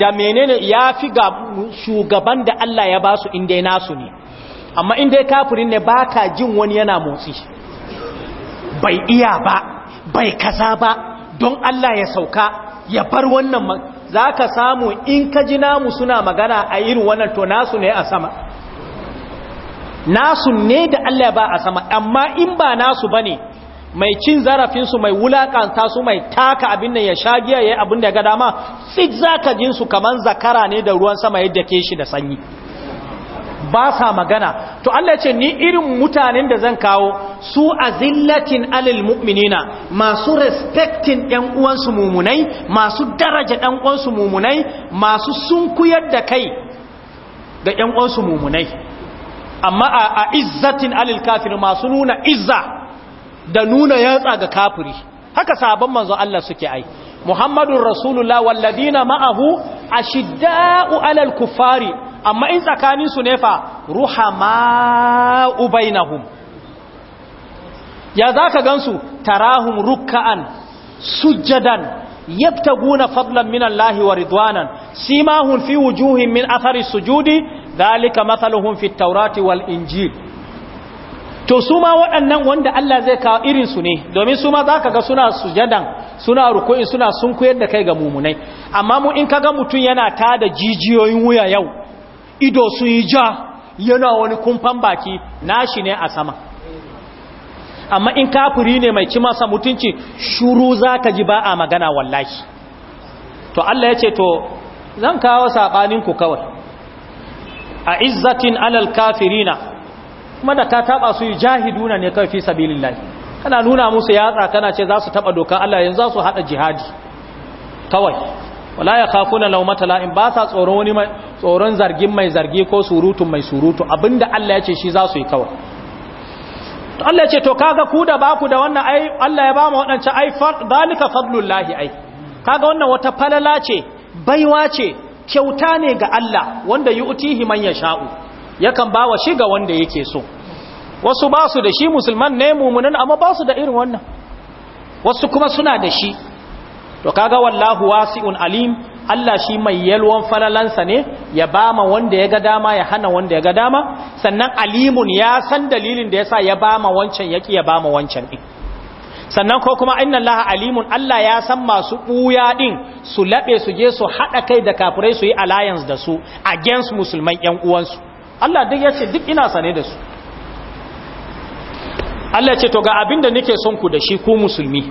da menene yafi ga shugaban da Allah ya ba su inda nasu ne amma inda kafirin ne baka jin wani yana motsi bai iya ba bai kasa ba don Allah ya sauka ya bar wannan za ka samu in ka ji namu suna magana a irin wannan to nasu ne a sama nasu ne da Allah ba a sama amma in ba nasu bane mai cin zarafinsu mai wulakanta su mai taka abin nan ya giya ya yi abin da ya ga dama fit za ka jinsu kamar zakara ne da ruwan sama yadda ke shi da sanyi ba sa magana to Allah ce ni irin mutanen da zan kawo su a zillatin alil mu'minina masu respectin ɗan uwansu mumunai masu daraja ɗan uwansu mumunai masu sunkuyar da kai ga ɗan uwansu mumunai amma a izzatin alil kafir masu nuna izza da nuna yatsa ga kafiri haka sabon manzo Allah suke ai Muhammadun Rasulullah walladina ma'ahu ashidda'u alal kufari amma in tsakanin su nefa fa ruhama'u bainahum ya zaka gansu tarahum rukka'an, sujjadan yabtaguna fadlan min Allah wa ridwanan simahum fi wujuhin min athari sujudi dalika mathaluhum fit taurati wal injil to su ma waɗannan wanda Allah zai kawo irin su ne domin su ma ka ga suna sujadan suna ruku'in suna sunkuyar da kai ga mumunai amma mu in kaga mutum yana tada jijiyoyin wuya yau ido sun yi ja yana wani kumfan baki nashi ne a sama amma in kafiri ne mai sa mutunci shuru za ka ji ba a magana wallahi to Allah ya ce to zan kawo saɓaninku kawai a izzatin alal kafirina kuma da ka taba su jahiduna ne kai fi sabilillah kana nuna musu yatsa kana ce za su taba doka Allah yanzu za su hada jihadi kawai wala ya na laumata la'in ba sa tsoron wani tsoron zargin mai zargi ko surutun mai surutu abinda Allah ya ce shi za su yi kawai to Allah ya ce to kaga ku da baku da wannan ai Allah ya ba mu wadancan ai zalika fadlullahi ai kaga wannan wata falala ce baiwa ce kyauta ne ga Allah wanda yi yu'tihi ya sha'u yakan bawa shi ga wanda yake so wasu ba su da shi musulman ne mummunan amma ba su da irin wannan wasu kuma suna da shi to kaga wallahu wasi'un alim Allah shi mai yalwan falalansa ne ya ba ma wanda ya ga dama ya hana wanda ya ga dama sannan alimun ya san dalilin da ya sa ya bama wancan yaki ya bama wancan din sannan ko kuma inna Allah alimun Allah ya san masu buya din su labe su je su hada kai da kafirai su yi alliance da su against musulman yan uwansu Allah duk yace duk ina sane da su Allah ce to ga abinda nake son ku da shi ku musulmi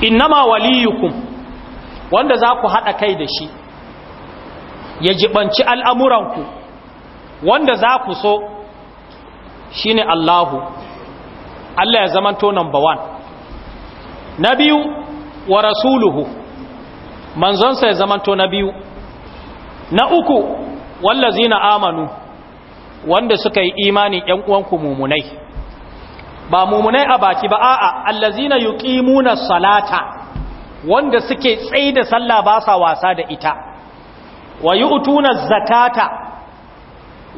innama waliyukum wanda za ku hada kai da shi ya jibanci al'amuranku wanda za ku so shine Allahu Allah ya zamanto number one na biyu wa rasuluhu manzonsa ya zamanto na biyu na uku wallazina amanu wanda suka yi imani ‘yan uwanku mumunai ba mumunai a baki ba a'a allazina yuqimuna salata wanda suke tsaye da sallah ba sa wasa da ita wa yu'tuna zakata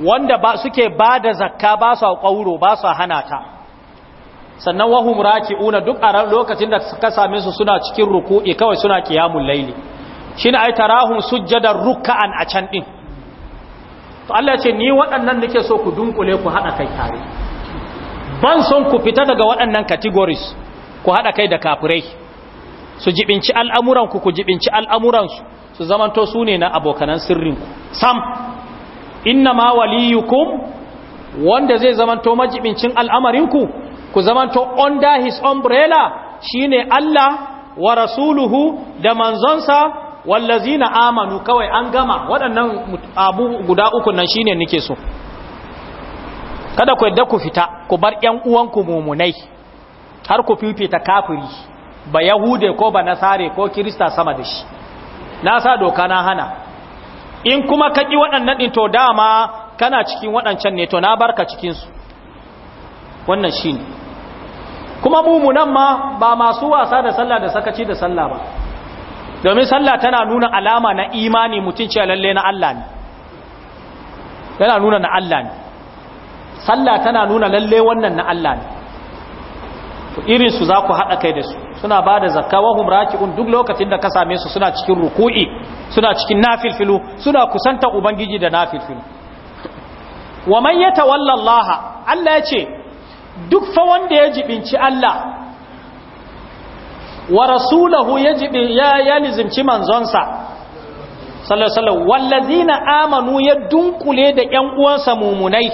wanda ba suke ba da zakka ba sa ƙauro ba sa hana ta sannan wahum una duk a lokacin da suka same su suna cikin ruku'i kawai suna qiyamul layli shine ay tarahum sujjadan ruk'an a can din to Allah ya ce ni waɗannan nake so ku dunkule ku hada kai tare ban son ku fita daga waɗannan categories ku haɗa kai da kafirai su jibinci al'amuran ku ku jibinci al'amuran su su zamanto su ne na abokanan sirrin ku sam inna ma waliyukum wanda zai zamanto majibincin al'amarin ku ku zamanto under his umbrella shine Allah wa rasuluhu da manzonsa wallazina amanu kawai an gama waɗannan abu guda uku nan shine nake so kada ku yadda ku fita ku bar ƴan uwanku mumunai har ku fifita kafiri ba yahude ko ba nasare ko kirista sama da shi na sa doka na hana in kuma ka ƙi waɗannan ɗin to dama kana cikin waɗancan ne to na barka cikinsu wannan shine. kuma mumunan ma ba masu wasa da sallah da sakaci da sallah ba domin sallah tana nuna alama na imani mutum ce lalle na Allah ne tana nuna na Allah ne sallah tana nuna lalle wannan na Allah ne to irin su za ku haɗa kai da su suna ba da zakka wahum raki'un duk lokacin da ka same su suna cikin ruku'i suna cikin nafilfilu suna kusanta ubangiji da nafilfilu wa man yatawalla Allah Allah ya ce duk fa wanda ya jibinci Allah wa rasulahu ya ya lizimci manzonsa sallallahu wallazina amanu ya dunkule da ƴan uwansa mumunai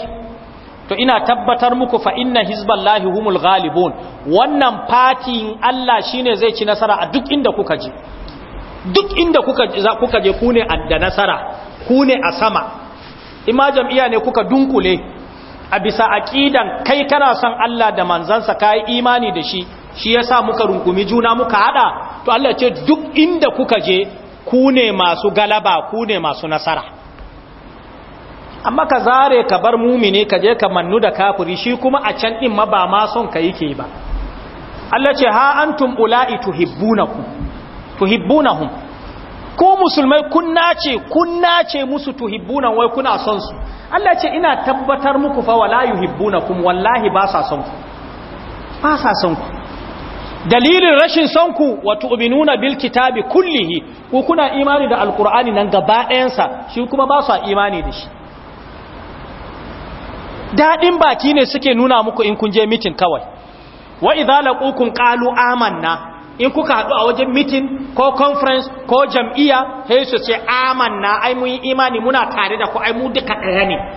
to ina tabbatar muku fa inna hizballahi humul ghalibun wannan fatin Allah shine zai ci nasara a duk inda kuka je duk inda kuka kuka je ku ne da nasara ku ne a sama Imajam jam'iya ne kuka dunkule a bisa aqidan kai kana son Allah da manzansa kai imani da shi shi yasa muka rungumi juna muka hada to Allah ce duk inda kuka je ku ne masu galaba ku ne masu nasara amma ka zare ka bar mumine ka je ka mannu da kafiri shi kuma a can din ma ba ma son ka yake ba Allah ce ha antum ula'i tuhibbunakum tuhibbunahum ko musulmai kunna ce kunna ce musu tuhibbuna wai kuna son su Allah ce ina tabbatar muku fa wala yuhibbunakum wallahi ba sa son ku ba sa son ku dalilin rashin son ku wa tu'minuna bil kitabi kullihi ku kuna imani da alqur'ani nan gaba ɗayansa shi kuma ba sa imani da shi dadin baki ne suke nuna muku in kun je meeting kawai wa idza laqukum qalu amanna in kuka haɗu a wajen mitin ko conference ko jam'iyya sai su ce amanna ai mun yi imani muna tare da ku ai mu duka ɗaya ne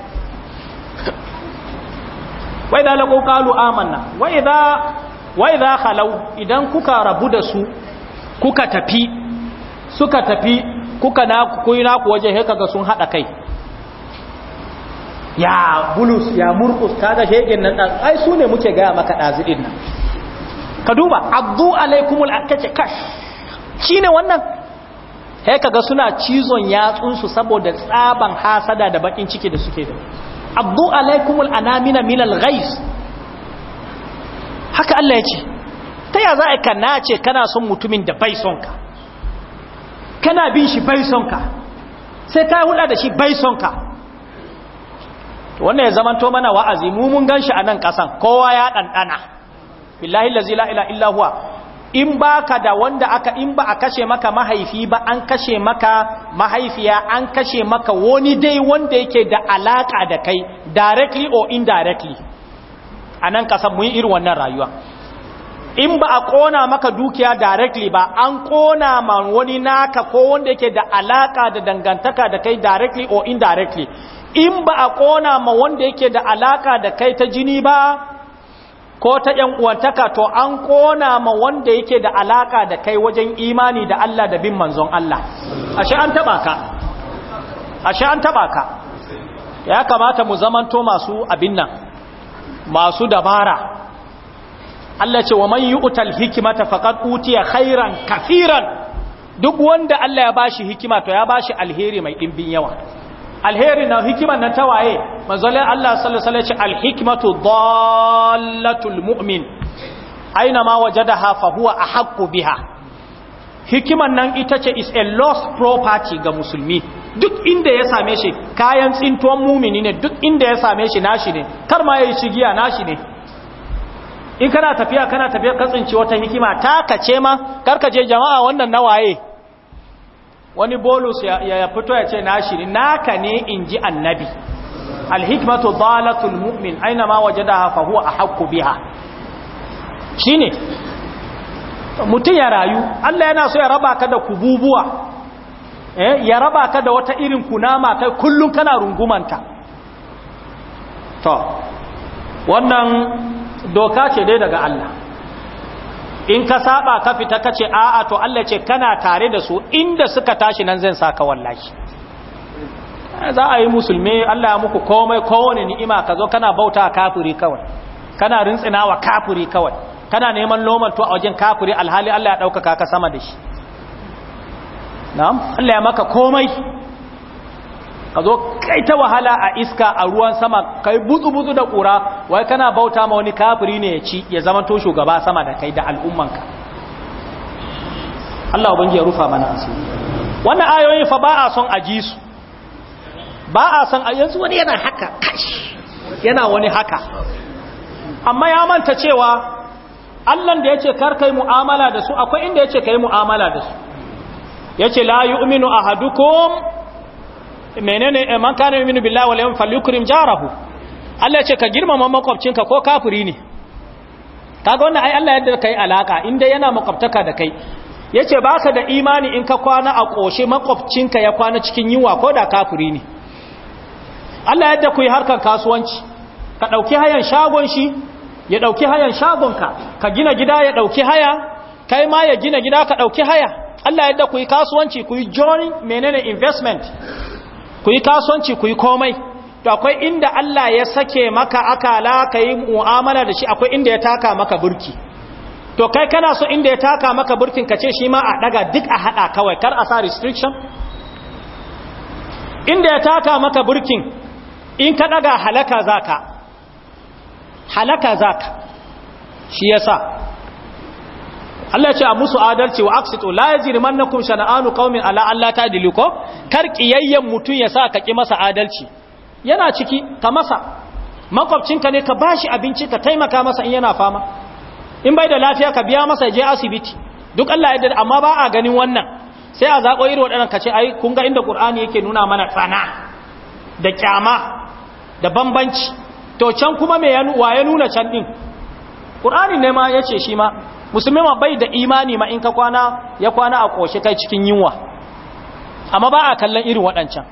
wai da laƙo ƙalu amanna wai za halau idan kuka rabu da su kuka tafi suka tafi kuka kuyi naku waje haka ga sun haɗa kai ya bulus ya murkus kaga shegen nan ai su ne muke gaya maka ɗaziɗin nan ka duba abu alaikumul kace kash ne wannan ka ga suna cizon yatsunsu saboda tsaban hasada da bakin ciki da suke da abu alaikumul anamina minal ghais haka Allah ya ce ta ya za a ka nace kana son mutumin da bai son ka kana bin shi bai son ka sai ta hula da shi bai son ka wannan ya zamanto mana wa'azi mu mun ganshi a nan kasan kowa ya ɗanɗana billahi allazi la ilaha illa huwa in ka da wanda aka in ba a kashe maka mahaifi ba an kashe maka mahaifiya an kashe maka wani dai wanda yake da alaka da kai directly or indirectly anan kasa mu yi irin wannan rayuwa in ba a kona maka dukiya directly ba an ƙona ma wani naka ko wanda yake da alaƙa da dangantaka da kai directly or indirectly in ba a kona ma wanda yake da alaƙa da kai ta jini ba ko ta ‘yan uwantaka to an ƙona ma wanda yake da alaƙa da kai wajen imani da Allah da bin manzon Allah ashe an taɓa ka ashe an taɓa ka ya kamata mu zamanto masu abin nan masu dabara Allah ce wa man yu'tal hikmata faqad utiya khairan kafiran duk wanda Allah ya bashi hikima to ya bashi alheri mai ɗimbin yawa alheri na hikiman na ta waye Allah sallallahu alaihi wasallam alhikmatu mu'min aina ma da fa huwa ahqqu biha Hikiman nan ita ce is a lost property ga musulmi duk inda ya same shi kayan tsintuwan mumini ne duk inda ya same shi nashi ne kar ma yayi shigiya nashi ne in kana tafiya kana tafiya ka tsinci wata hikima ta kace ma karkace jama'a wannan nawaye wani bolus ya fito ya ce na shiri naka ne in ji annabi alhikmatu dalatul mu'min aina ma wajadaha fa huwa ahqqu biha shine mutum ya rayu Allah yana so ya raba ka da kububuwa eh ya raba ka da wata irin kunama kai kullun kana rungumanta to wannan doka ce dai daga Allah in ka saba ka fita ka ce a'a to Allah ce kana tare da su inda suka tashi nan zan saka wallahi za a yi musulmi Allah ya muku komai kowane ni'ima ka zo kana bauta kafiri kawai kana rintsinawa kafiri kawai kana neman lomar to a wajen kafuri, alhali Allah ya ɗaukaka ka sama da shi na'am Allah ya maka komai ka zo kai ta wahala a iska a ruwan sama kai butsu-butsu da ƙura wai kana bauta ma wani kafiri ne ya ci ya zama to shugaba sama da kai da al'ummanka Allah ubangi ya rufa mana asiri wannan ayoyi fa ba a son a ji su ba a son a yanzu wani yana haka kash yana wani haka amma ya manta cewa Allahn da yace kar kai mu'amala da su akwai inda ya ce kai mu'amala da su ya ce la yu'minu ahadukum menene eh, man kana yuminu billahi wal yawmil falyukrim jarahu Allah ya ce ka girmama makwabcinka ko kafiri ne kaga wannan ai Allah yadda kai alaka inda yana makwabtaka da kai yace baka da imani in ka kwana a koshe makwabcinka ya kwana cikin yunwa ko da kafiri ne Allah yadda ku yi harkar kasuwanci ka dauki hayan shagon shi ya dauki hayan shagonka ka gina gida ya dauki haya kai ma ya gina gida ka dauki haya Allah yadda ku yi kasuwanci ku yi joining menene investment ku yi kasuwanci ku yi komai to akwai inda Allah ya sake maka akala ka yi mu'amala da shi akwai inda ya taka maka burki to kai kana so inda ya taka maka burkin ka ce shi ma a daga duk a hada kawai kar a sa restriction inda ya taka maka burkin in ka daga halaka zaka halaka zaka shi yasa Allah ya ce a musu adalci wa aqsitu la yajrimannakum shana'anu qaumin ala Allah ta diliko kar kiyayyen mutun ya sa ka ki masa adalci yana ciki ka masa makwabcinka ne ka bashi abinci ka taimaka masa in yana fama in bai da lafiya ka biya masa je asibiti duk Allah ya amma ba a ganin wannan sai a zako irin waɗannan ce ai kun ga inda Qur'ani yake nuna mana tsana da kyama da bambanci to can kuma me ya nuna can din Qur'ani ne ma yace shi ma musulmi ma bai da imani ma in ka kwana ya kwana a ƙoshe kai cikin yunwa amma ba a kallon irin waɗancan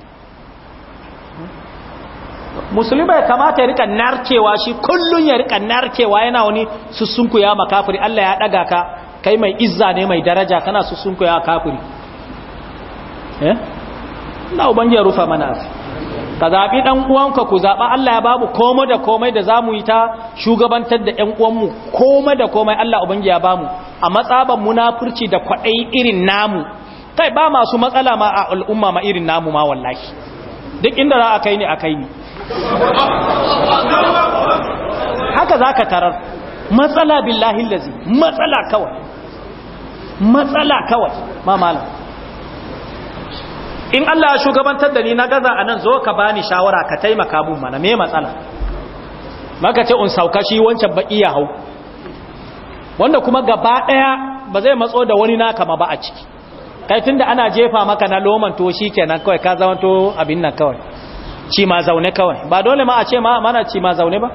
musulmi bai kamata ya rika narkewa shi kullum ya rika narkewa yana wani sussunku ya kafiri Allah ya ɗaga ka kai mai izza ne mai daraja kana sussunku ya kafiri eh? na ubangiya rufa mana afi ka zaɓi ɗan uwanka ku zaɓa Allah ya babu komai da komai da za mu yi ta shugabantar da ƴan uwanmu komai da komai Allah ubangi ya bamu a matsaban munafurci da kwaɗai irin namu kai ba masu matsala ma a al'umma ma irin namu ma wallahi duk inda za a kai ni a kai ni haka za ka tarar matsala billahi lazi matsala kawai matsala kawai ma malam in Allah ya shugabantar da ni na gaza anan zo ka bani shawara ka taimaka mun mana me matsala maka ce un sauka shi wancan baki ya hau wanda kuma gaba daya ba zai matso da wani naka ma ba a ciki kai tunda ana jefa maka na loman to shikenan kawai ka zama to abin nan kawai ci ma zaune kawai ba dole ma a ce ma mana ci ma zaune ba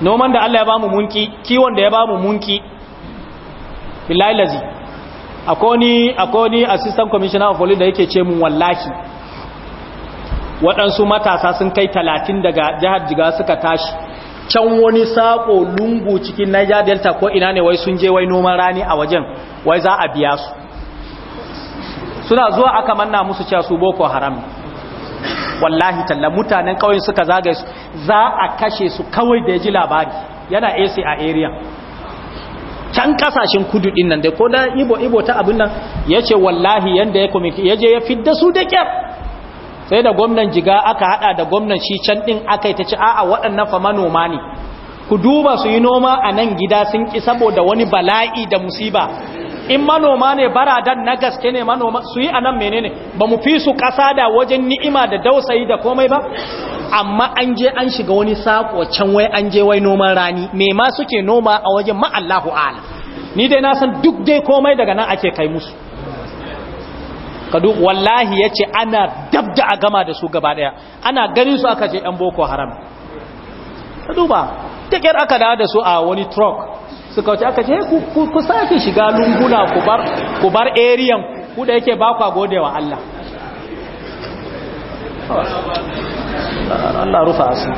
noman da Allah ya bamu munki kiwon da ya bamu munki billahi lazim Akoni wani assistant commissioner of police da yake ce mun wallahi waɗansu matasa sun kai talatin daga jihar jiga suka tashi can wani sako lungu cikin niger delta ko ina ne wai sun je wai noman rani a wajen wai za a biya su suna zuwa aka manna musu cewa su boko haram wallahi talla mutanen kauyen suka zagaye su za a kashe su kawai da ya ji labari yana ac a area can kasashen kudu din nan dai ko da ibo ibo ta abin nan yace wallahi yanda ya komiki yaje ya fidda su da kyar sai da gwamnan jiga aka hada da gwamnan shi can din aka yi ta ci a'a waɗannan fa manoma ne ku duba su yi noma a nan gida sun ki saboda wani bala'i da musiba in manoma ne baradan na gaske ne manoma su yi anan menene ba mu fi su ƙasa da wajen ni'ima da dausayi da komai ba amma an je an shiga wani sako can wai an je wai noman rani me ma suke noma a wajen ma ala ni dai na san duk dai komai daga nan ake kai musu kadu wallahi ce ana dabda a gama da su gaba daya ana ganin su aka je yan boko haram ka duba aka dawo da su a wani truck suka wuce aka ce eh, ku sake shiga lunguna ku bar eriyan ku da yake ba kwa gode wa Allah Allah rufa asu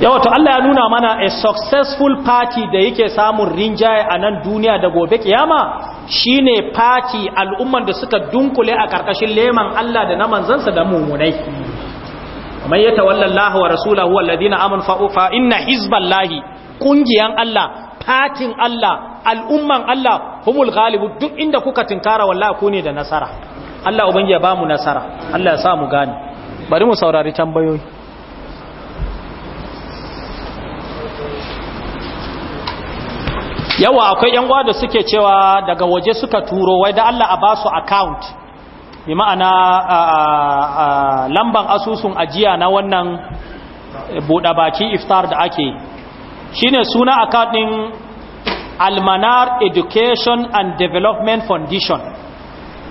yawa to Allah ya nuna mana a successful party da yake samun rinjaye a nan duniya da gobe kiyama shine party al'umman da suka dunkule a karkashin leman Allah da na manzansa da mummunai man wallan Allah wa rasulahu walladina amanu fa inna lahi. kungiyan Allah fatin Allah al'umman Allah humul galibu duk inda kuka tinkara wallahi ku ne da nasara Allah ubangi ya bamu nasara Allah ya sa mu gane bari mu saurari tambayoyi yawa akwai yan da suke cewa daga waje suka turo wai da Allah a basu account bi ma'ana lamban asusun ajiya na wannan buɗa baki iftar da ake shine suna account ɗin almanar education and development foundation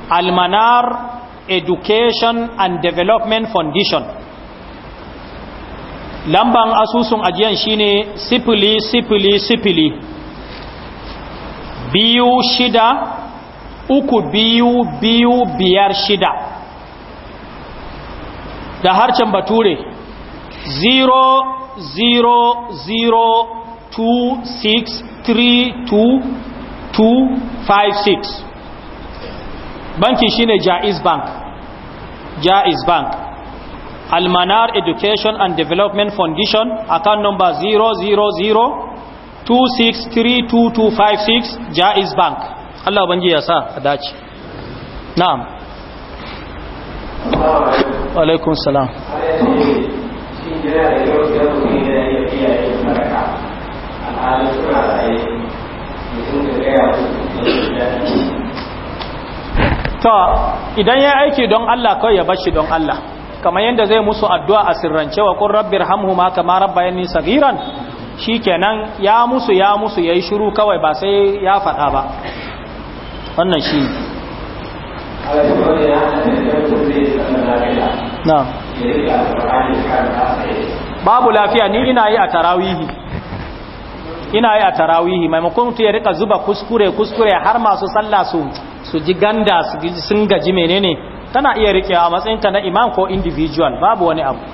almanar education and development foundation lamban asusun ajiyan shine sipili sipili sipili biyu shida uku biyu biyu biyar shida da harshen bature 0002632256 bankin shine jaiz bank jaiz bank almanar education and development foundation account number 0002632256 jaiz bank Allah banji ya sa a dace na'am alaikun salam to idan ya aiki don Allah kawai ya bashi don Allah kamar yadda zai musu addu'a a sirrance wa kun rabbir hamhuma kama shi sagiran shikenan ya musu ya musu ya yi shiru kawai ba sai ya faɗa ba wannan shi na babu lafiya ni ina yi a tarawihi ina yi a tarawihi maimakon tu ya rika zuba kuskure kuskure har masu tsalla su su ji ganda sun gaji menene tana iya rikewa matsayinka na imam ko individual babu wani abu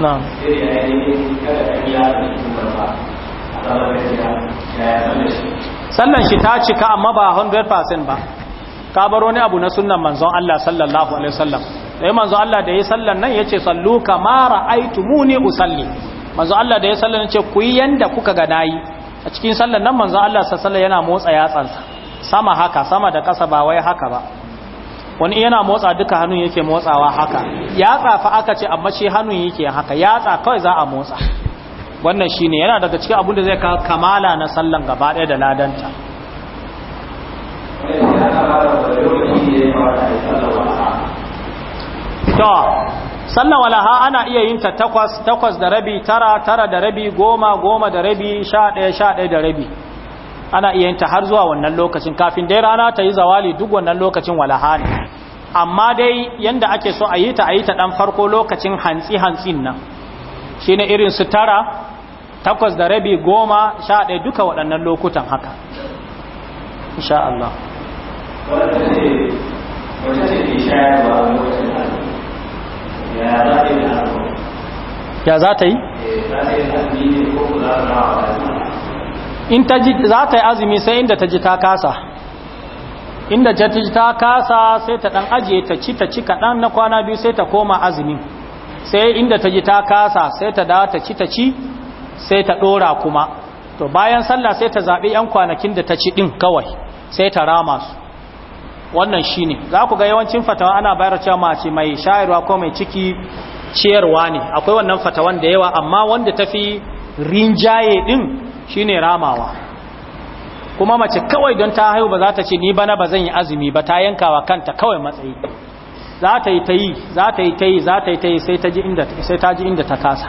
na sallan shi ta cika amma ba 100% ba ka baro ne abu na sunan manzon Allah sallallahu alaihi wasallam dai manzon Allah da ya sallan nan yace sallu kama ra'aytumuni usalli manzon Allah da ya sallan yace ku yi yanda kuka ga nayi a cikin sallan nan manzon Allah sallallahu yana motsa yatsansa sama haka sama da kasa ba wai haka ba wani yana motsa duka hannun yake motsawa haka yatsa fa aka ce amma shi hannun yake haka yatsa kawai za a motsa wannan shi ne yana daga cikin abinda da zai kamala na sallan gaba ɗaya da ladanta to sallan walaha ana iya yin ta takwas takwas da rabi tara tara da rabi goma goma da rabi sha ɗaya sha ɗaya da rabi ana iya yin ta har zuwa wannan lokacin kafin dai rana ta yi zawali duk wannan lokacin walaha ne amma dai yadda ake so a yi ta a yi ta ɗan farko lokacin hantsi hantsin nan shi na irin su tara takwas da rabi goma sha ɗaya duka waɗannan lokutan haka insha Allah ya za ta yi? in za ta yi azumi sai inda ta ji ta kasa inda ta ji ta kasa sai ta ɗan ajiye ta ci ta ci kaɗan na kwana biyu sai ta koma azumin sai inda ta ji ta kasa sai ta da ta ci ta ci sai ta ɗora kuma to bayan sallah sai ta zaɓi yan kwanakin da ta ci din kawai sai ta rama su wannan shine za ku ga yawancin fatawa ana bayar cewa mace mai shayarwa ko mai ciki ciyarwa ne akwai wannan fatawan da yawa amma wanda tafi rinjaye din shine ramawa kuma mace kawai don ta haihu ba za ta ce ni bana ba zan yi azumi ba ta yankawa kanta kawai matsayi za ta yi ta yi za ta yi ta yi za ta yi ta yi sai ta ji inda ta kasa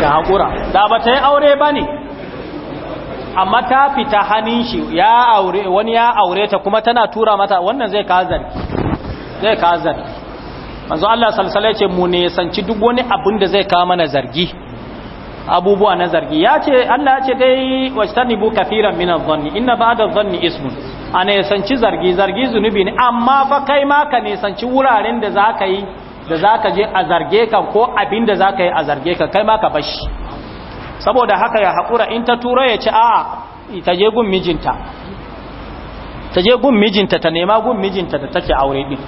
ta haƙura da ba ta yi aure ba ne amma ta fita hannun shi ya aure wani ya aure ta kuma tana tura mata wannan zai ka zargi zai ka zargi manzo Allah salsalai ce mu ne duk wani abin da zai kawo mana zargi abubuwa na zargi ya ce Allah ya ce dai bu kafiran min adh-dhanni inna ba'da adh-dhanni ismun a zargi zargi zunubi ne amma fa kai ma ka ne wuraren da za ka yi da za ka je a zarge ka ko abin da za ka yi a zarge ka kai maka ka bashi saboda haka ya haƙura in ta tura ya ci a'a ta je gun mijinta ta je gun mijinta ta nema gun mijinta da take aure din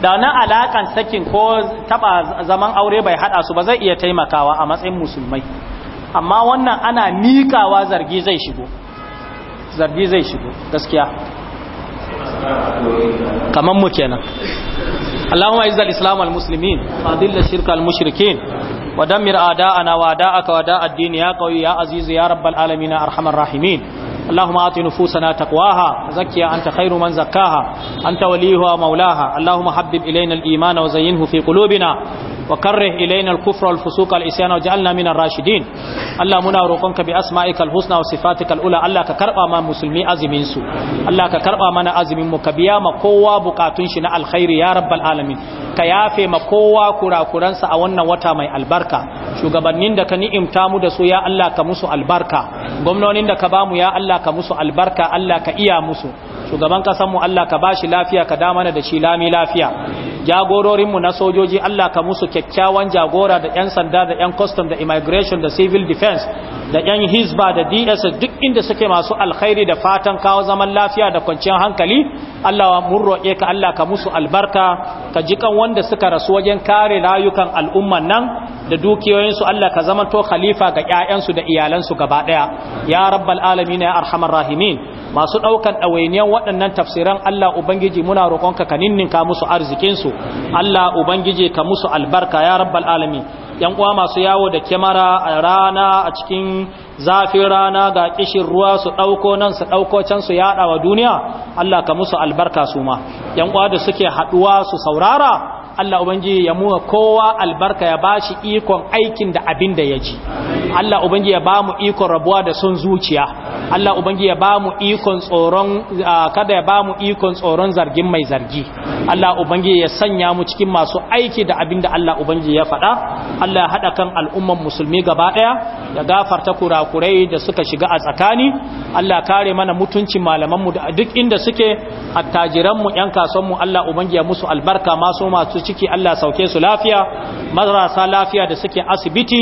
da wani alakan sakin ko taɓa zaman aure bai haɗa su ba zai iya taimakawa a matsayin musulmai amma wannan ana mikawa zargi zai shigo zargi zai shigo gaskiya kamar mu kenan اللهم اعز الاسلام والمسلمين واذل الشرك المشركين ودمر اعداءنا واعداءك واعداء الدين يا قوي يا عزيز يا رب العالمين ارحم الراحمين اللهم آت نفوسنا تقواها زكيها أنت خير من زكاها أنت وليها ومولاها اللهم حبب إلينا الإيمان وزينه في قلوبنا وكره إلينا الكفر والفسوق والإسيان وجعلنا من الراشدين الله منا روقنك بأسمائك الحسنى وصفاتك الأولى الله ككربا ما مسلمي أزمين سو الله ككربا ما أزمين مكبيا ما قوة بقاتون شنا الخير يا رب العالمين كيافي ما قوة كرا كرانسا أولنا وطا مي البركة شو قبنين دك نئم تامو دسو يا الله كمسو البركة قمنون دك بامو يا الله Allah ka musu albarka Allah ka iya musu shugaban kasanmu Allah ka bashi lafiya ka damana da shi lami lafiya jagororinmu na sojoji Allah ka musu kyakkyawan jagora da 'yan sanda da 'yan custom da immigration da civil defense da yan hizba da ds duk inda suke masu alkhairi da fatan kawo zaman lafiya da kwanciyar hankali Allah mun roƙe ka Allah ka musu albarka ka jikan wanda suka rasu wajen kare rayukan al'umman nan da dukiyoyinsu Allah ka zamanto khalifa ga ƴaƴansu da iyalansu gaba ɗaya ya rabbal alamin ya arhamar rahimin masu ɗaukan ɗawainiyar waɗannan tafsiran Allah ubangiji muna roƙonka ka ninninka musu arzikinsu Allah ubangiji ka musu albarka ya rabbal alamin yan uwa masu yawo da kyamara a rana a cikin zafin rana ga kishin ruwa su ɗauko nan su ɗauko can su yaɗa wa duniya Allah ka musu albarka su ma yan uwa da suke haɗuwa su saurara Allah ubangiji ya mu kowa albarka ya bashi ikon aikin da abin da ya ji Allah ubangiji ya bamu ikon rabuwa da son zuciya Allah ubangiji ya bamu ikon tsoron kada ya bamu ikon tsoron zargin mai zargi Allah ubangiji ya sanya mu cikin masu aiki da abin da Allah ubangiji ya faɗa Allah ya haɗa kan al'umman musulmi gaba ɗaya ya gafarta kurakurai da suka shiga a tsakani Allah kare mana mutuncin malamanmu da duk inda suke attajiranmu 'yan kasuwanmu Allah ubangiji ya musu albarka masu masu ciki Allah sauke su lafiya marasa lafiya da suke asibiti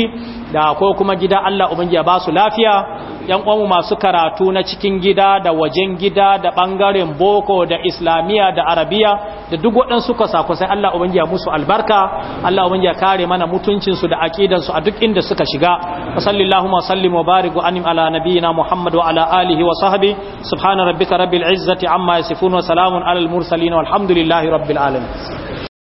da ko kuma gida Allah ubangiya ya ba su lafiya yan uwanmu masu karatu na cikin gida da wajen gida da bangaren boko da islamiya da arabiya da duk waɗansu kwasa-kwasai Allah ubangiya musu albarka Allah ubangi kare mana mutuncinsu da aƙidansu a duk inda suka shiga wa sallallahu wa sallim barik wa anim ala nabiyyina muhammad wa ala alihi wa sahbi subhana rabbika rabbil izzati amma yasifun wa salamun alal mursalin walhamdulillahi rabbil alamin